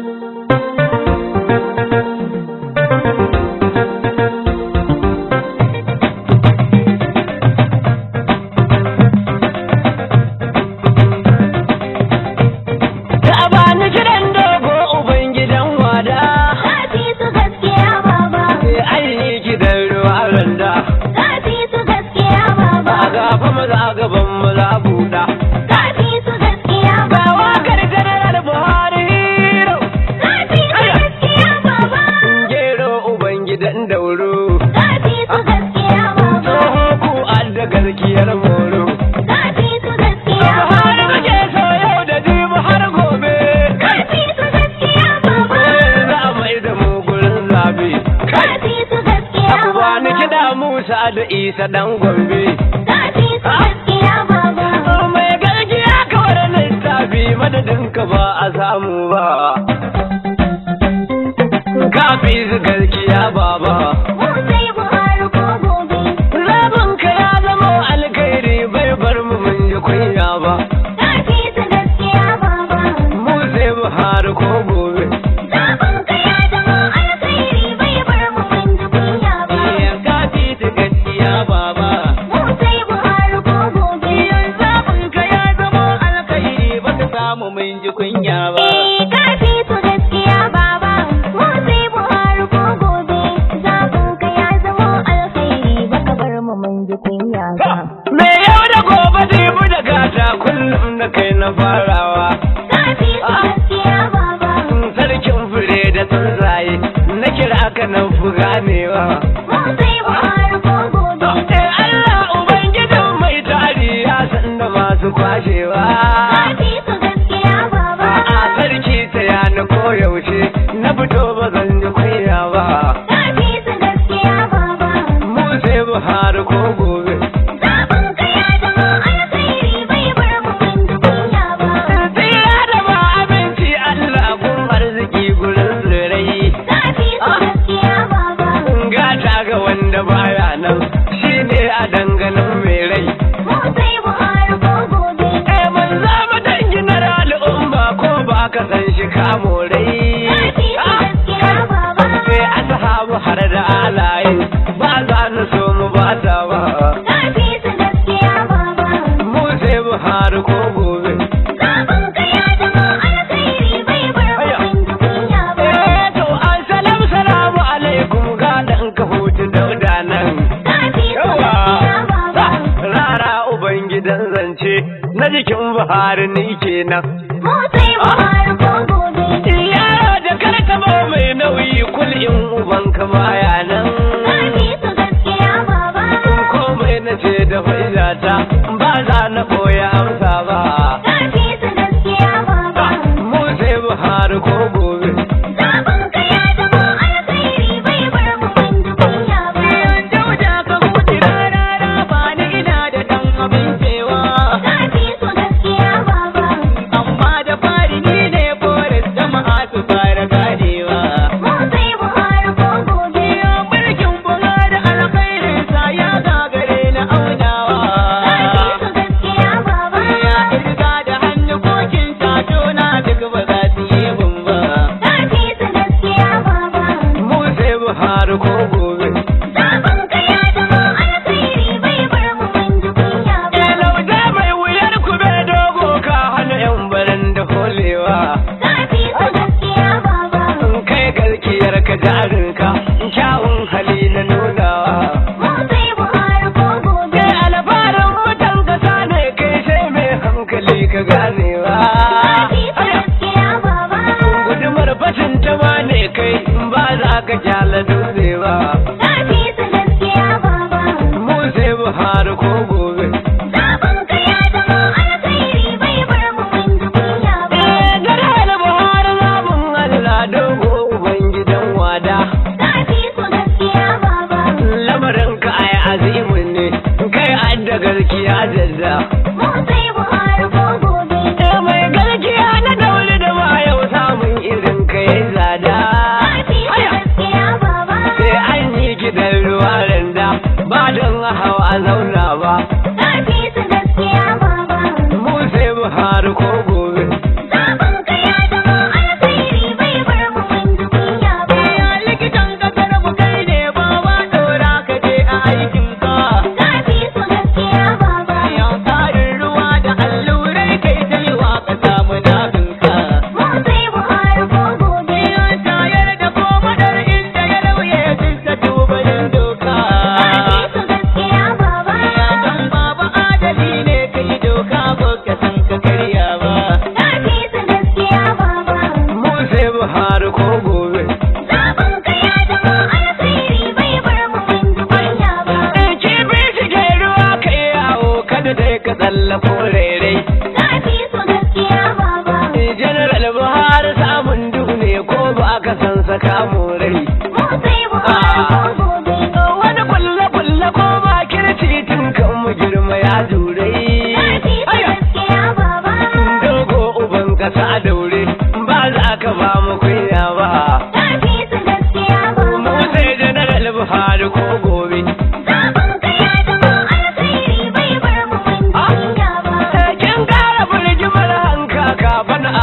Thank you.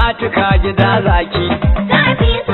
Talatu cika ji da zaki. Zafi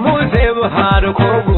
Mu sai Buhari ko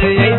Maria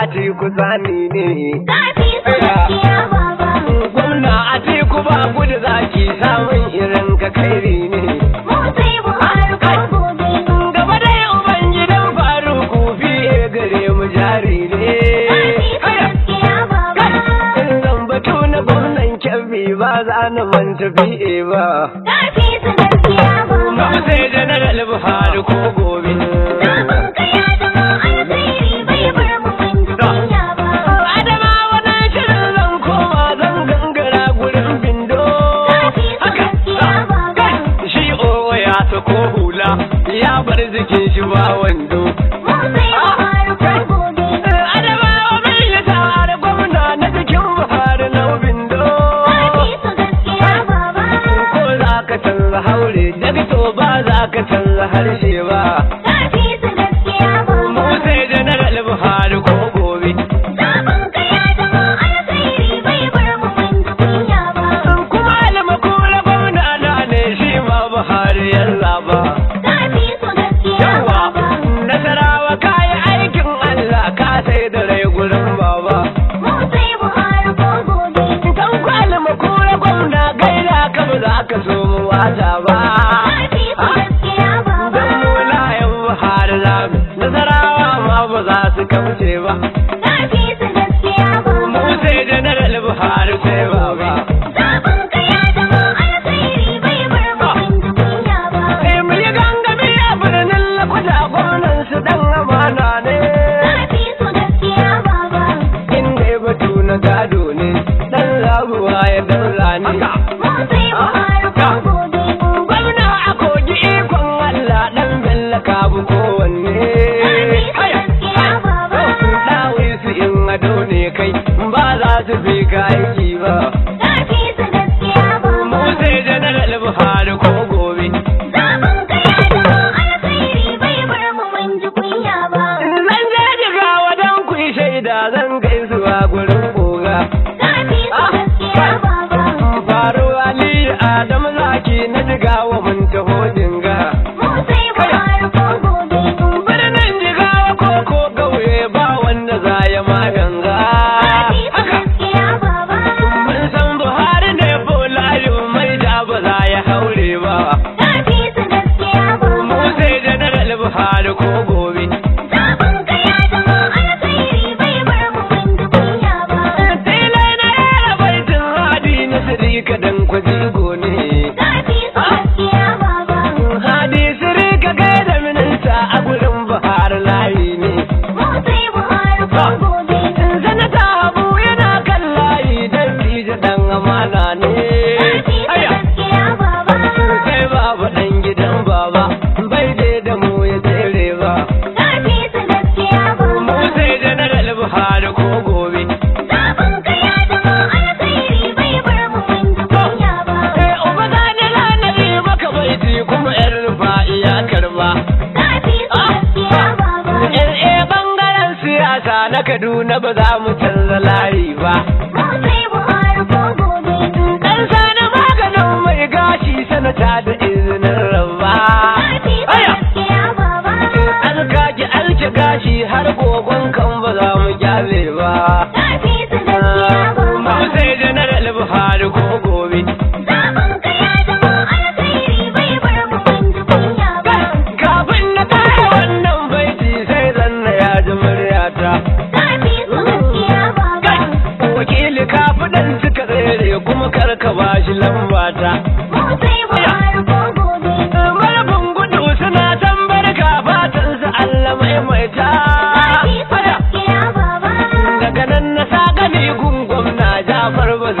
a ku sani ne. gaskiya baba. Gwamna a ku ba gudu zaki samun irin ka kairi ne. Mu sai Buhari ko gobe. Gaba dai Ubangidan gare mu jari ne. ba za na manta biye ba. Zafi su gaskiya baba. Mu sai Janar Buhari ko gobe. je shi ba wando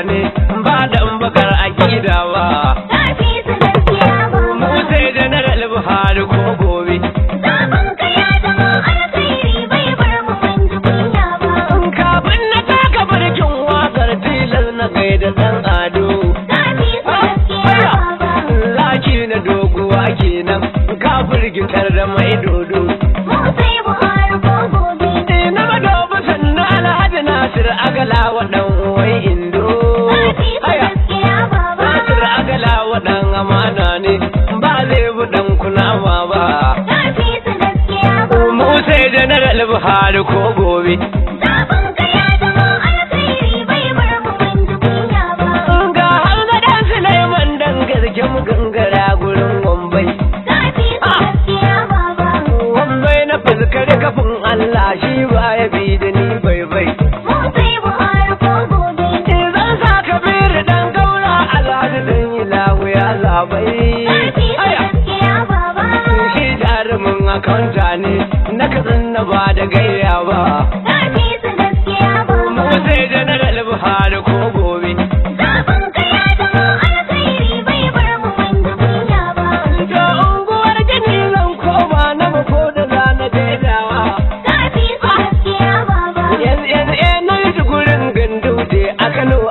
ane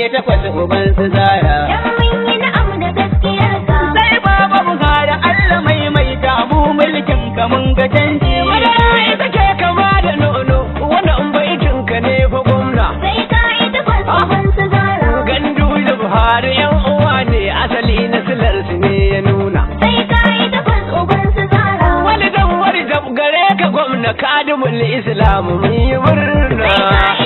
ya takwas uban su zara. Sai baba mu gara Allah mai mai mu mulkin ka mun ga canji. Wani ya sake kama da nono wannan baikin ka ne fa gwamna. Sai ka yi takwas uban su zara. Ah, gandu da Buhari yan uwa ne asali na silar ne ya nuna. Sai ka yi takwas uban su zara. Wani dan wani gare ka gwamna kadimul Islam mu yi murna.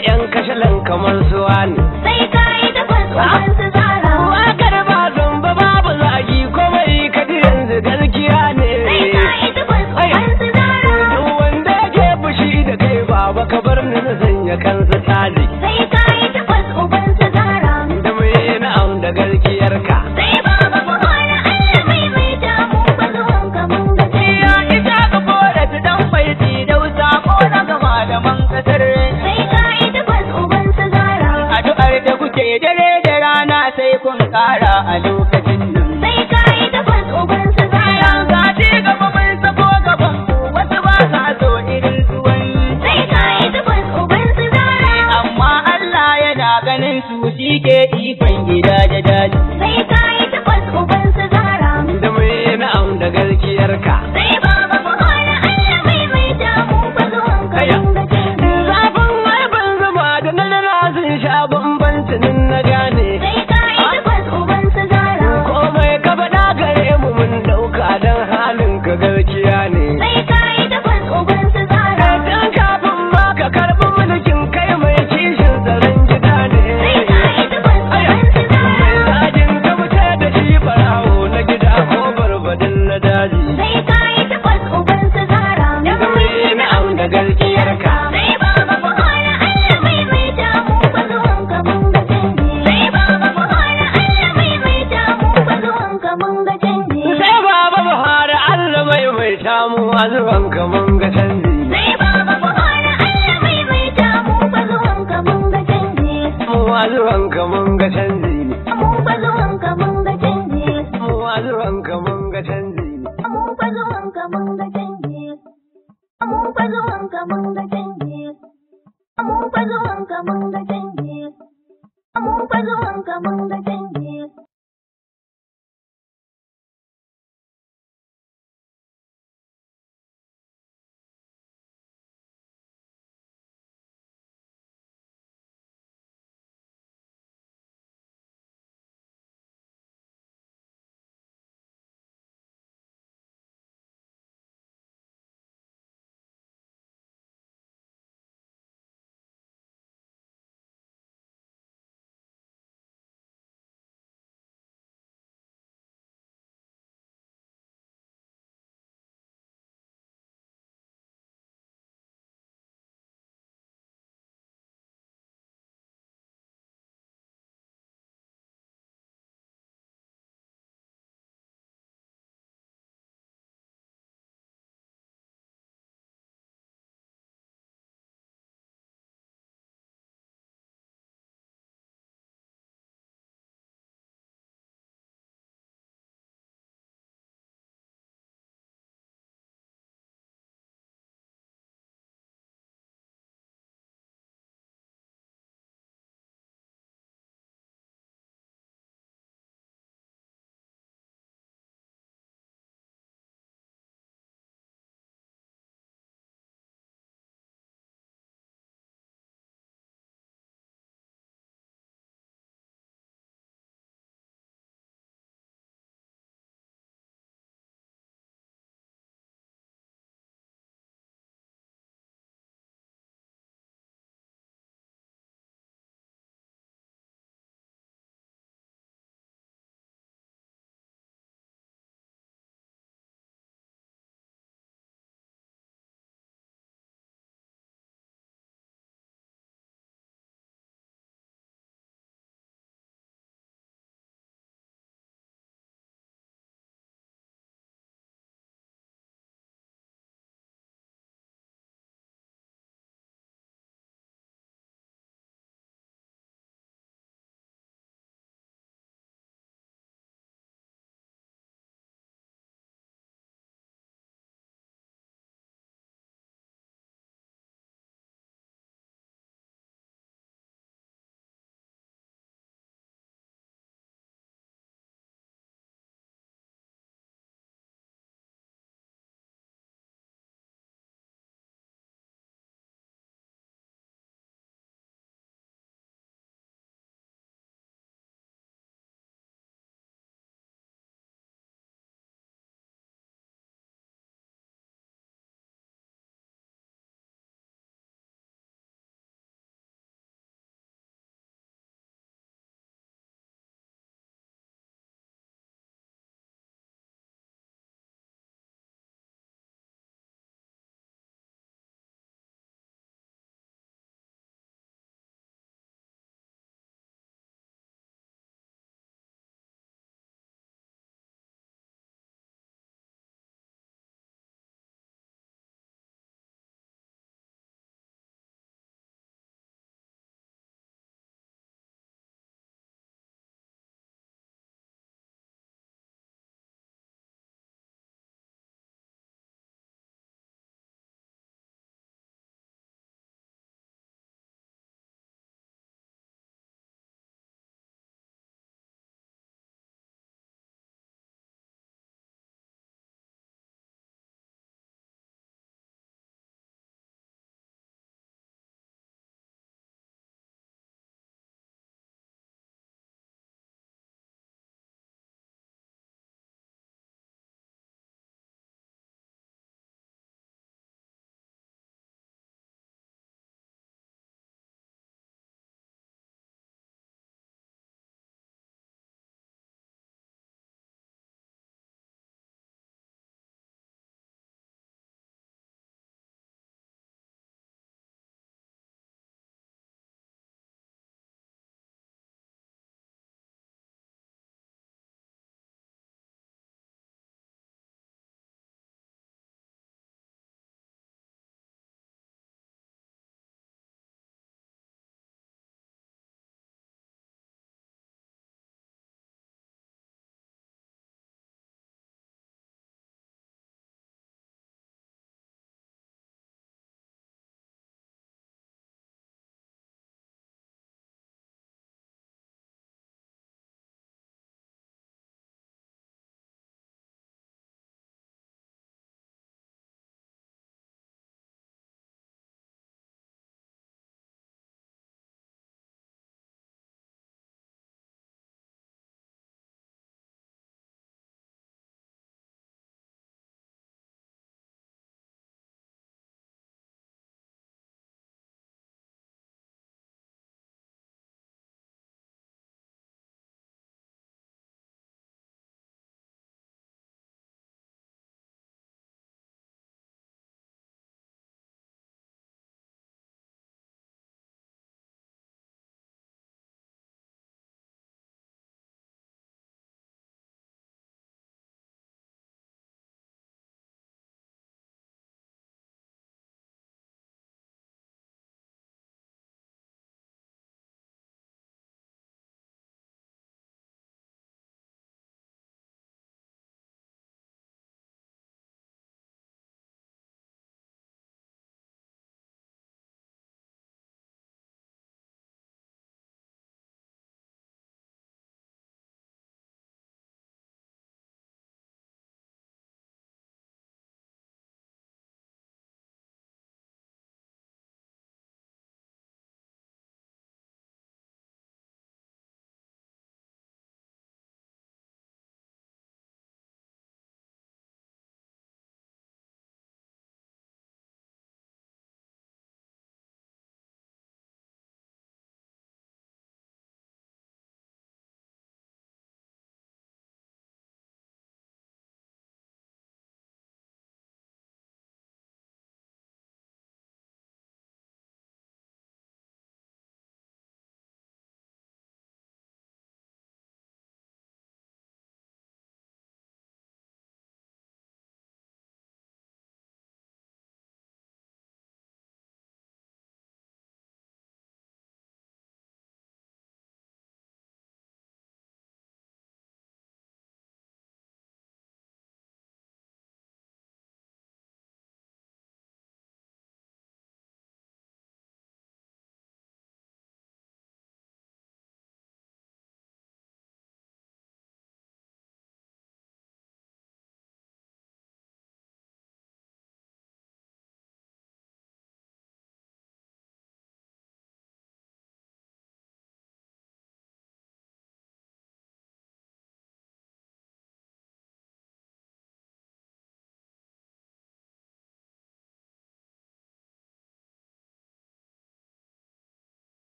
'yan kashalan kamar zuwa ne